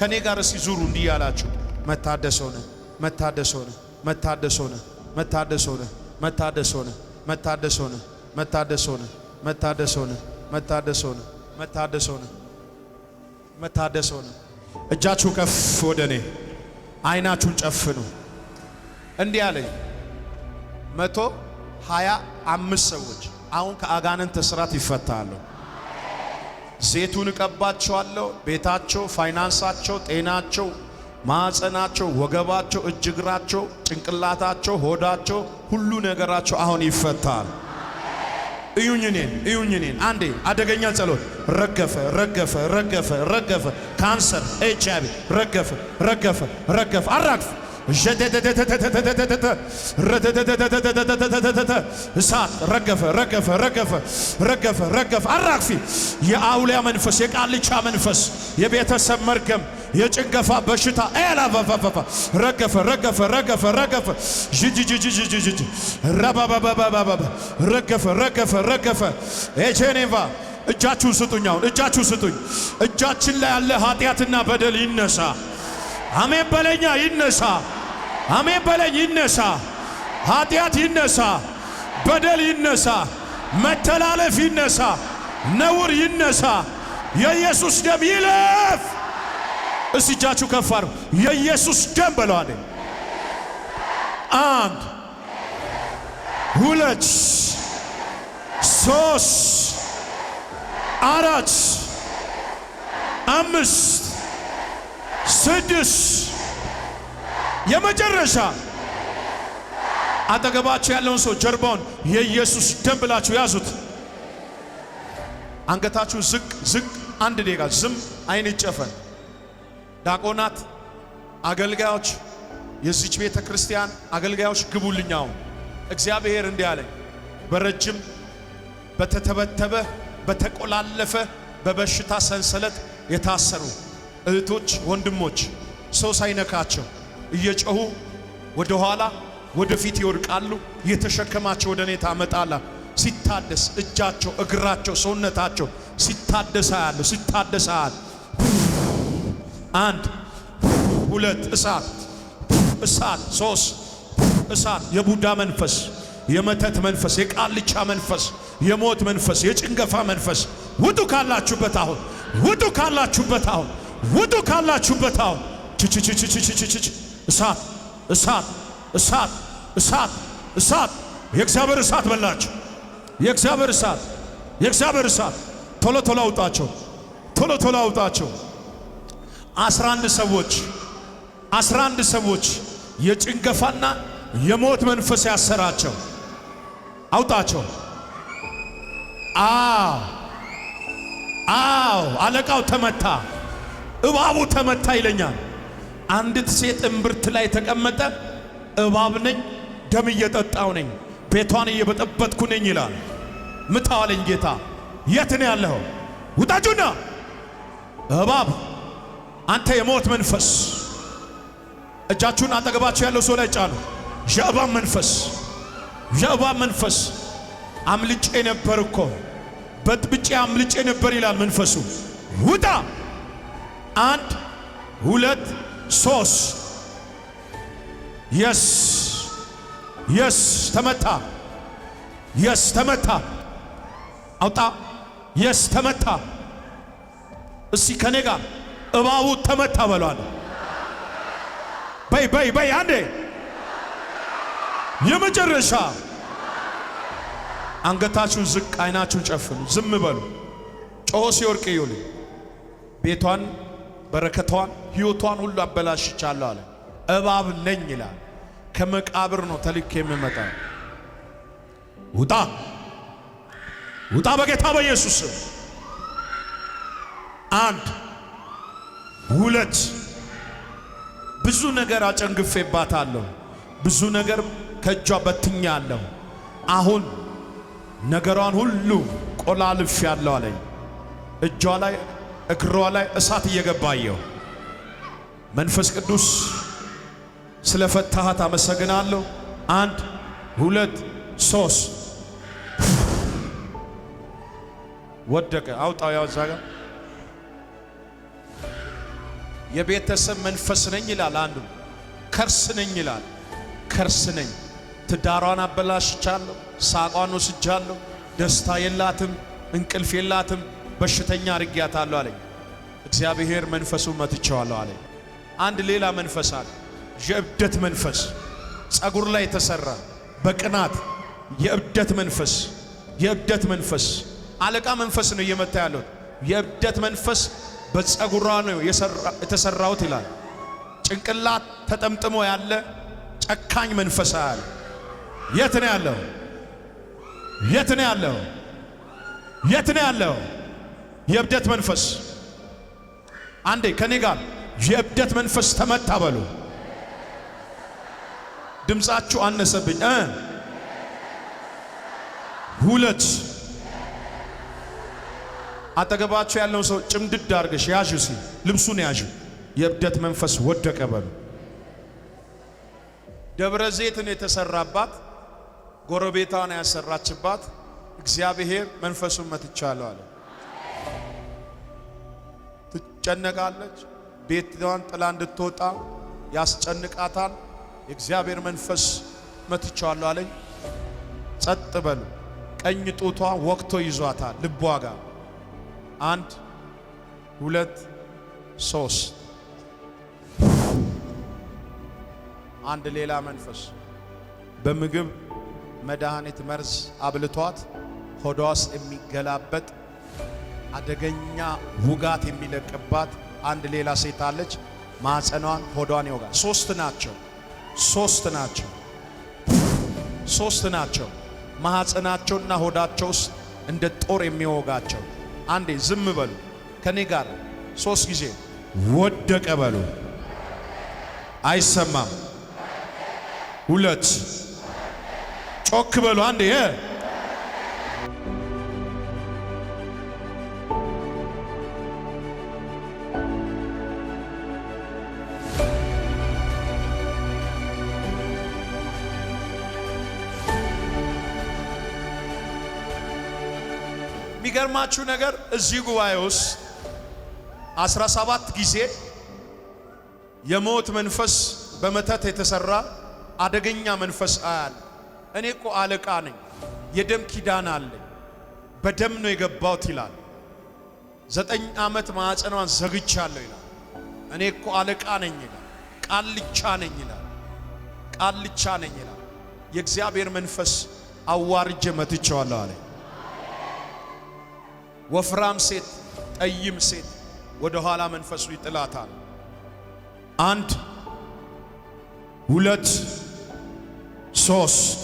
ከኔ ጋር ሲዙሩ ዙሩ እንዲህ ያላችሁ መታደስ ሆነ፣ መታደስ ሆነ፣ መታደስ ሆነ፣ መታደስ ሆነ፣ መታደስ ሆነ፣ መታደስ ሆነ፣ መታደስ ሆነ፣ መታደስ ሆነ፣ መታደስ ሆነ፣ መታደስ ሆነ፣ መታደስ ሆነ። እጃችሁ ከፍ ወደ እኔ፣ አይናችሁን ጨፍኑ። እንዲህ አለኝ መቶ ሃያ አምስት ሰዎች አሁን ከአጋንንት እስራት ይፈታሉ። ዘይቱን እቀባቸዋለሁ። ቤታቸው፣ ፋይናንሳቸው፣ ጤናቸው፣ ማዕፀናቸው፣ ወገባቸው፣ እጅግራቸው፣ ጭንቅላታቸው፣ ሆዳቸው፣ ሁሉ ነገራቸው አሁን ይፈታል። እዩኝኔን እዩኝኔን አንዴ አደገኛ ጸሎት ረገፈ ረገፈ ረገፈ ረገፈ ካንሰር ኤች አይ ቪ ረገፈ ረገፈ ረገፈ አራግፍ እሳት ረገፈ ረገፈ ረገፈ ረገፈ ረገፈ። አራግፊ የአውሊያ መንፈስ፣ የቃልቻ መንፈስ፣ የቤተሰብ መርገም፣ የጭንገፋ በሽታ ኤላፈፈፈፈ ረገፈ ረገፈ ረገፈ ረገፈ ጅጅጅጅጅጅ ረገፈ ረገፈ ረገፈ ኤቼኔቫ እጃችሁን ስጡኝ። አሁን እጃችሁ ስጡኝ። እጃችን ላይ ያለ ኃጢአትና በደል ይነሳ። አሜን በለኛ ይነሳ። አሜን በለኝ። ይነሳ፣ ኃጢአት ይነሳ፣ በደል ይነሳ፣ መተላለፍ ይነሳ፣ ነውር ይነሳ። የኢየሱስ ደም ይለፍ። እስ እጃችሁ ከፍ አድርጉ። የኢየሱስ ደም በለዋለ። አንድ ሁለት ሶስት አራት አምስት ስድስት የመጨረሻ አጠገባችሁ ያለውን ሰው ጀርባውን የኢየሱስ ደም ብላችሁ ያዙት። አንገታችሁ ዝቅ ዝቅ። አንድ ደቂቃ ዝም፣ አይን ይጨፈን። ዲያቆናት፣ አገልጋዮች፣ የዚች ቤተ ክርስቲያን አገልጋዮች ግቡልኛው። እግዚአብሔር እንዲህ አለኝ፣ በረጅም በተተበተበ በተቆላለፈ በበሽታ ሰንሰለት የታሰሩ እህቶች፣ ወንድሞች ሰው ሳይነካቸው እየጮሁ ወደ ኋላ ወደፊት ይወድቃሉ። የተሸከማቸው ወደ እኔ ታመጣላ። ሲታደስ እጃቸው፣ እግራቸው፣ ሰውነታቸው ሲታደስ አያለሁ። ሲታደስ አያለሁ። አንድ ሁለት እሳት እሳት ሶስት እሳት የቡዳ መንፈስ፣ የመተት መንፈስ፣ የቃልቻ መንፈስ፣ የሞት መንፈስ፣ የጭንገፋ መንፈስ ውጡ ካላችሁበት አሁን ውጡ ካላችሁበት አሁን ውጡ ካላችሁበት አሁን ችችችችችችችች እሳት እሳት እሳት እሳት እሳት የእግዚአብሔር እሳት በላቸው። የእግዚአብሔር እሳት የእግዚአብሔር እሳት ቶሎ ቶሎ አውጣቸው፣ ቶሎ ቶሎ አውጣቸው። አስራ አንድ ሰዎች አስራ አንድ ሰዎች የጭንገፋና የሞት መንፈስ ያሰራቸው አውጣቸው። አዎ አዎ፣ አለቃው ተመታ፣ እባቡ ተመታ ይለኛል። አንዲት ሴት እምብርት ላይ ተቀመጠ። እባብ ነኝ፣ ደም እየጠጣው ነኝ፣ ቤቷን እየበጠበጥኩ ነኝ ይላል። ምታዋለኝ ጌታ፣ የት ነው ያለኸው? ውጣጁና እባብ አንተ የሞት መንፈስ፣ እጃችሁን አጠገባችሁ ያለው ሰው ላይ ጫኑ። የእባብ መንፈስ፣ የእባብ መንፈስ አምልጬ ነበር እኮ በጥብጬ አምልጬ ነበር ይላል መንፈሱ። ውጣ! አንድ ሁለት ሶስት የስ የስ ተመታ የስ ተመታ አውጣ የስ ተመታ። እስቲ ከኔ ጋር እባቡ ተመታ በሏል። በይ በይ በይ አንዴ የመጨረሻ አንገታችሁን ዝቅ፣ አይናችሁን ጨፍኑ፣ ዝም በሉ። ጮሆ ሲወርቅ ይውል ቤቷን በረከቷን ሕይወቷን ሁሉ አበላሽቻለሁ አለ። እባብ ነኝ ይላል። ከመቃብር ነው ተልኬ የምመጣ። ውጣ ውጣ፣ በጌታ በኢየሱስ አንድ ሁለት፣ ብዙ ነገር አጨንግፌባታለሁ፣ ብዙ ነገር ከእጇ በትኛለሁ። አሁን ነገሯን ሁሉ ቆላልፍ ያለው አለኝ እጇ ላይ እግሯ ላይ እሳት እየገባየው መንፈስ ቅዱስ ስለ ፈታሃት አመሰግናለሁ። አንድ ሁለት ሶስት ወደቀ። አውጣው ያው ጋር የቤተሰብ መንፈስ ነኝ ይላል። አንዱ ከርስ ነኝ ይላል። ከርስ ነኝ። ትዳሯን አበላሽቻለሁ። ሳቋን ወስጃለሁ። ደስታ የላትም። እንቅልፍ የላትም። በሽተኛ አርጊያታለሁ አለኝ። እግዚአብሔር መንፈሱ መትቼዋለሁ አለኝ። አንድ ሌላ መንፈስ አለ፣ የእብደት መንፈስ ጸጉር ላይ የተሰራ በቅናት የእብደት መንፈስ የእብደት መንፈስ አለቃ መንፈስ ነው እየመታ ያለው። የእብደት መንፈስ በጸጉሯ ነው የተሰራውት ይላል። ጭንቅላት ተጠምጥሞ ያለ ጨካኝ መንፈስ አለ። የት ነው ያለው? የት ነው ያለው? የት ነው ያለው? የእብደት መንፈስ አንዴ ከኔ ጋር የእብደት መንፈስ ተመታ በሉ። ድምፃችሁ አነሰብኝ። ሁለት አጠገባችሁ ያለውን ሰው ጭምድድ አድርገሽ ያዥ፣ ሲ ልብሱን ያዥ። የእብደት መንፈስ ወደቀ በሉ። ደብረ ዘይትን የተሰራባት ጎረቤታን ያሰራችባት እግዚአብሔር መንፈሱን መትቻለሁ አለ። ትጨነቃለች። ቤትዋን ጥላ እንድትወጣ ያስጨንቃታል። የእግዚአብሔር መንፈስ መትቻዋለሁ አለኝ። ጸጥ በሉ። ቀኝ ጡቷ ወቅቶ ይዟታል። ልቧ ጋር አንድ ሁለት ሶስት አንድ ሌላ መንፈስ በምግብ መድኃኒት መርዝ አብልቷት ሆዷስ የሚገላበጥ አደገኛ ውጋት የሚለቅባት አንድ ሌላ ሴት አለች። ማህፀኗን ሆዷን ይወጋል። ሶስት ናቸው፣ ሶስት ናቸው፣ ሶስት ናቸው። ማህፀናቸውና ሆዳቸው ውስጥ እንደ ጦር የሚወጋቸው። አንዴ ዝም በሉ ከኔ ጋር ሶስት ጊዜ ወደቀ በሉ። አይሰማም። ሁለት ጮክ በሉ። አንዴ የሚገርማችሁ ነገር እዚህ ጉባኤ ውስጥ አስራ ሰባት ጊዜ የሞት መንፈስ በመተት የተሰራ አደገኛ መንፈስ አያል። እኔ እኮ አለቃ ነኝ፣ የደም ኪዳን አለኝ፣ በደም ነው የገባሁት ይላል። ዘጠኝ ዓመት ማዕፀኗን ዘግቻለሁ ይላል። እኔ እኮ አለቃ ነኝ ይላል። ቃልቻ ነኝ ይላል። ቃልቻ ነኝ ይላል። የእግዚአብሔር መንፈስ አዋርጄ መትቼዋለሁ አለኝ። ወፍራም ሴት፣ ጠይም ሴት ወደ ኋላ መንፈሱ ይጥላታል። አንድ ሁለት ሶስት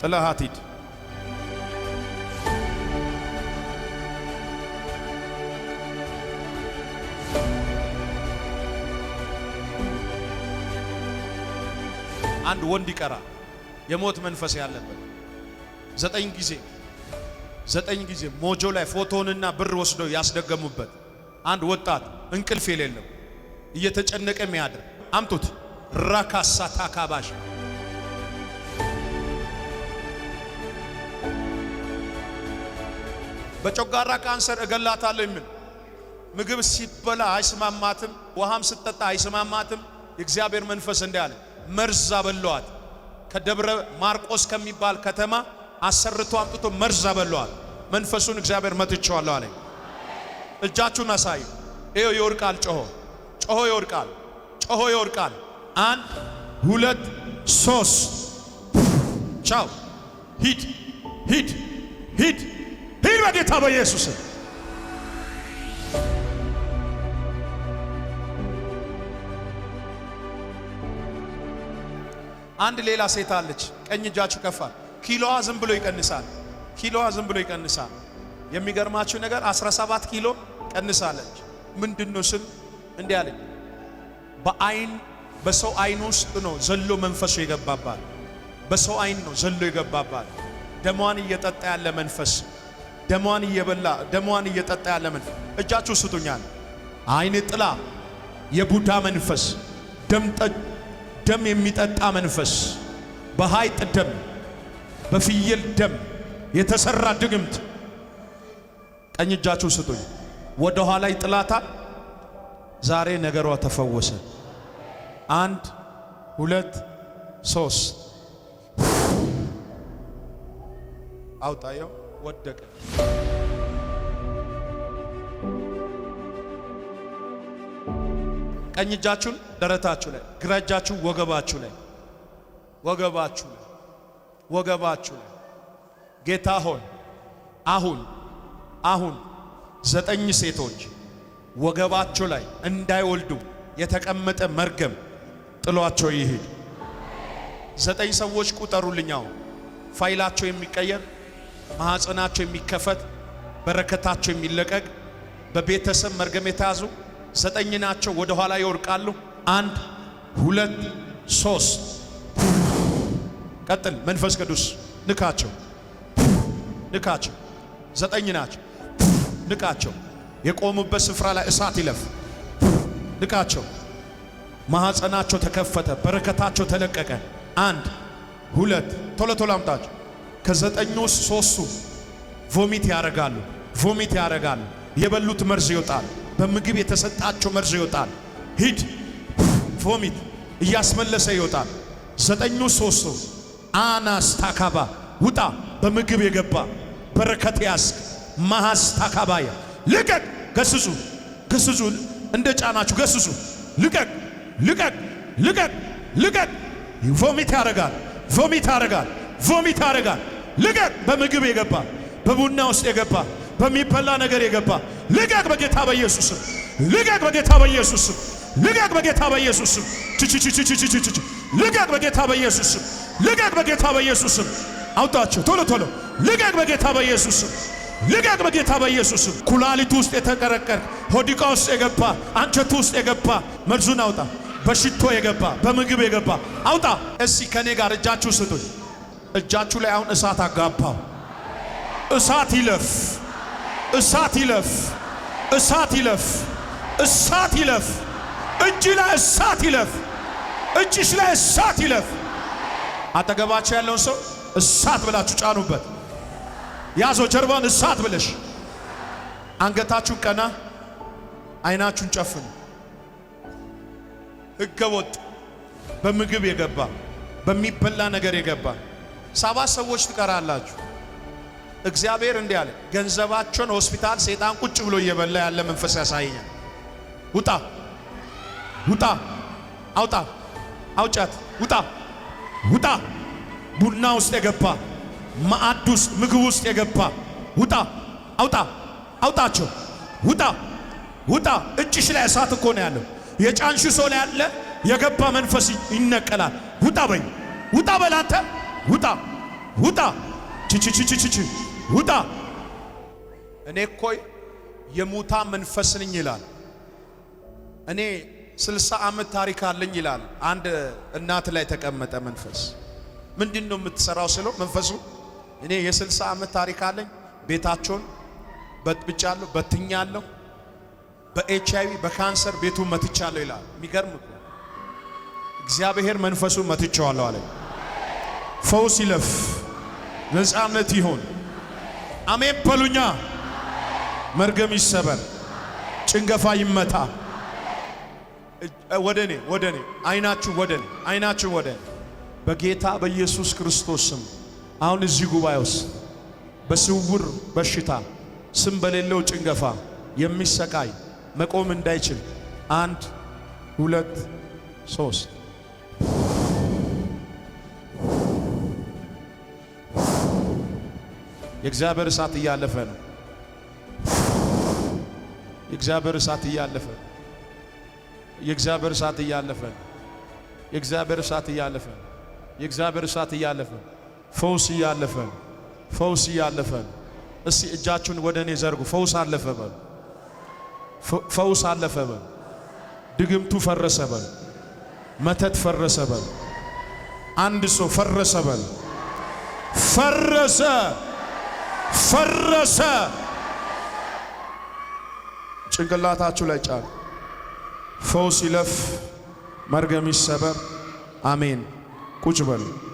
ጥለሃት ሂድ። አንድ ወንድ ይቀራል፣ የሞት መንፈስ ያለበት ዘጠኝ ጊዜ ዘጠኝ ጊዜ ሞጆ ላይ ፎቶንና ብር ወስደው ያስደገሙበት አንድ ወጣት እንቅልፍ የሌለው እየተጨነቀ የሚያድር አምጡት። ራካሳ ታካባሽ በጮጋራ ካንሰር እገላታለሁ የሚል ምግብ ሲበላ አይስማማትም፣ ውሃም ስጠጣ አይስማማትም። የእግዚአብሔር መንፈስ እንዲህ አለ፣ መርዝ አበለዋት ከደብረ ማርቆስ ከሚባል ከተማ አሰርቶ አምጥቶ መርዝ አበለዋል። መንፈሱን እግዚአብሔር መትቼዋለሁ አለኝ። እጃችሁን አሳዩ። ይኸው ይወድቃል። ጮሆ ጮሆ ይወድቃል። ጮሆ ይወድቃል። አንድ ሁለት ሶስት። ቻው። ሂድ ሂድ ሂድ ሂድ በጌታ በኢየሱስ አንድ ሌላ ሴት አለች። ቀኝ እጃችሁ ከፋል ኪሎዋ ዝም ብሎ ይቀንሳል። ኪሎዋ ዝም ብሎ ይቀንሳል። የሚገርማችሁ ነገር 17 ኪሎ ቀንሳለች። ምንድነው ስል እንዲህ አለኝ። በአይን በሰው አይን ውስጥ ነው ዘሎ መንፈሱ የገባባል። በሰው አይን ነው ዘሎ የገባባል። ደሟን እየጠጣ ያለ መንፈስ፣ ደሟን እየበላ ደሟን እየጠጣ ያለ መንፈስ። እጃችሁ ስጡኛል። አይን ጥላ፣ የቡዳ መንፈስ፣ ደም የሚጠጣ መንፈስ፣ በሀይጥ ደም በፍየል ደም የተሰራ ድግምት ቀኝ እጃችሁ ስጡኝ። ወደ ኋላ ይጥላታል። ዛሬ ነገሯ ተፈወሰ። አንድ ሁለት ሶስት አውጣየው ወደቀ። ቀኝ እጃችሁን ደረታችሁ ላይ፣ ግራ እጃችሁ ወገባችሁ ላይ ወገባችሁ ላይ ወገባችሁ ላይ ጌታ ሆይ አሁን አሁን ዘጠኝ ሴቶች ወገባቸው ላይ እንዳይወልዱ የተቀመጠ መርገም ጥሏቸው ይሄድ። ዘጠኝ ሰዎች ቁጠሩልኛው። ፋይላቸው የሚቀየር ማህፀናቸው የሚከፈት በረከታቸው የሚለቀቅ በቤተሰብ መርገም የተያዙ ዘጠኝ ናቸው። ወደ ኋላ ይወርቃሉ። አንድ ሁለት ሶስት ቀጥል። መንፈስ ቅዱስ ንካቸው፣ ንካቸው። ዘጠኝ ናቸው። ንቃቸው። የቆሙበት ስፍራ ላይ እሳት ይለፍ። ንቃቸው። ማኅፀናቸው ተከፈተ፣ በረከታቸው ተለቀቀ። አንድ ሁለት፣ ቶሎ ቶሎ አምጣቸው። ከዘጠኙ ውስጥ ሶስቱ ቮሚት ያደርጋሉ፣ ቮሚት ያደርጋሉ። የበሉት መርዝ ይወጣል፣ በምግብ የተሰጣቸው መርዝ ይወጣል። ሂድ ቮሚት እያስመለሰ ይወጣል። ዘጠኙ ሶስቱ አናስታካባ ውጣ በምግብ የገባ በረከት ያስክ ማሃስታካባያ ልቀቅ፣ ገስጹ፣ ገስጹ፣ እንደ ጫናችሁ ገስጹ። ልቀቅ፣ ልቀቅ፣ ልቀቅ፣ ልቀቅ። ቮሚት ያረጋል፣ ቮሚት ያረጋል፣ ቮሚት ያረጋል። ልቀቅ፣ በምግብ የገባ በቡና ውስጥ የገባ በሚበላ ነገር የገባ ልቀቅ፣ በጌታ በኢየሱስም ልቀቅ፣ በጌታ በኢየሱስም ልቀቅ፣ በጌታ በኢየሱስም ልቀቅ፣ በጌታ በኢየሱስም ልቀቅ በጌታ በኢየሱስም አውጣቸው። ቶሎ ቶሎ ልቀቅ በጌታ በኢየሱስም ልቀቅ በጌታ በኢየሱስም። ኩላሊቱ ውስጥ የተቀረቀረ ሆዲቃ ውስጥ የገባ አንቸቱ ውስጥ የገባ መርዙን አውጣ። በሽቶ የገባ በምግብ የገባ አውጣ። እስቲ ከኔ ጋር እጃችሁ ስጡኝ። እጃችሁ ላይ አሁን እሳት አጋባው። እሳት ይለፍ፣ እሳት ይለፍ፣ እሳት ይለፍ፣ እሳት ይለፍ። እጅ ላይ እሳት ይለፍ። እጅሽ ላይ እሳት ይለፍ። አጠገባችሁ ያለውን ሰው እሳት ብላችሁ ጫኑበት። ያዘው ጀርባን እሳት ብለሽ። አንገታችሁን ቀና፣ አይናችሁን ጨፍኑ። ሕገ በምግብ የገባ በሚበላ ነገር የገባ ሰባት ሰዎች ትቀራላችሁ። እግዚአብሔር እንዲህ አለ፣ ገንዘባቸውን ሆስፒታል ሰይጣን ቁጭ ብሎ እየበላ ያለ መንፈስ ያሳየኛል። ውጣ፣ ውጣ፣ አውጣ፣ አውጫት፣ ውጣ ውጣ። ቡና ውስጥ የገባ ማዕድ ውስጥ ምግብ ውስጥ የገባ ውጣ፣ አውጣ፣ አውጣቸው፣ ውጣ፣ ውጣ። እጭሽ ላይ እሳት እኮ ነው ያለው። የጫንሹ ሰው ላይ ያለ የገባ መንፈስ ይነቀላል። ውጣ በይ፣ ውጣ በላተ፣ ውጣ፣ ውጣ፣ ቺቺቺቺቺ፣ ውጣ። እኔ እኮ የሙታ መንፈስ ነኝ ይላል እኔ ስልሳ ዓመት ታሪክ አለኝ ይላል። አንድ እናት ላይ ተቀመጠ መንፈስ። ምንድን ነው የምትሰራው ስለው መንፈሱ እኔ የስልሳ ዓመት ታሪክ አለኝ፣ ቤታቸውን በጥብጫለሁ፣ በትኛለሁ፣ በኤች አይቪ በካንሰር ቤቱን መትቻለሁ ይላል። የሚገርም እግዚአብሔር መንፈሱን መትቼዋለሁ አለ። ፈውስ ይለፍ፣ ነፃነት ይሆን። አሜን በሉኛ። መርገም ይሰበር፣ ጭንገፋ ይመታ። ወደኔ ወደኔ አይናችሁ ወደኔ አይናችሁ ወደኔ በጌታ በኢየሱስ ክርስቶስ ስም አሁን እዚህ ጉባኤ ውስጥ በስውር በሽታ ስም በሌለው ጭንገፋ የሚሰቃይ መቆም እንዳይችል አንድ ሁለት ሶስት የእግዚአብሔር እሳት እያለፈ ነው። የእግዚአብሔር እሳት እያለፈ ነው። የእግዚአብሔር እሳት እያለፈ የእግዚአብሔር እሳት እያለፈ የእግዚአብሔር እሳት እያለፈ ፈውስ እያለፈ ፈውስ እያለፈ። እስቲ እጃችሁን ወደ እኔ ዘርጉ። ፈውስ አለፈ በሉ። ፈውስ አለፈ በሉ። ድግምቱ ፈረሰ በሉ። መተት ፈረሰ በሉ። አንድ ሰው ፈረሰ በሉ። ፈረሰ ፈረሰ። ጭንቅላታችሁ ላይ ጫሉ ፈውስ ይለፍ፣ መርገም ይሰበር። አሜን። ቁጭ በሉ።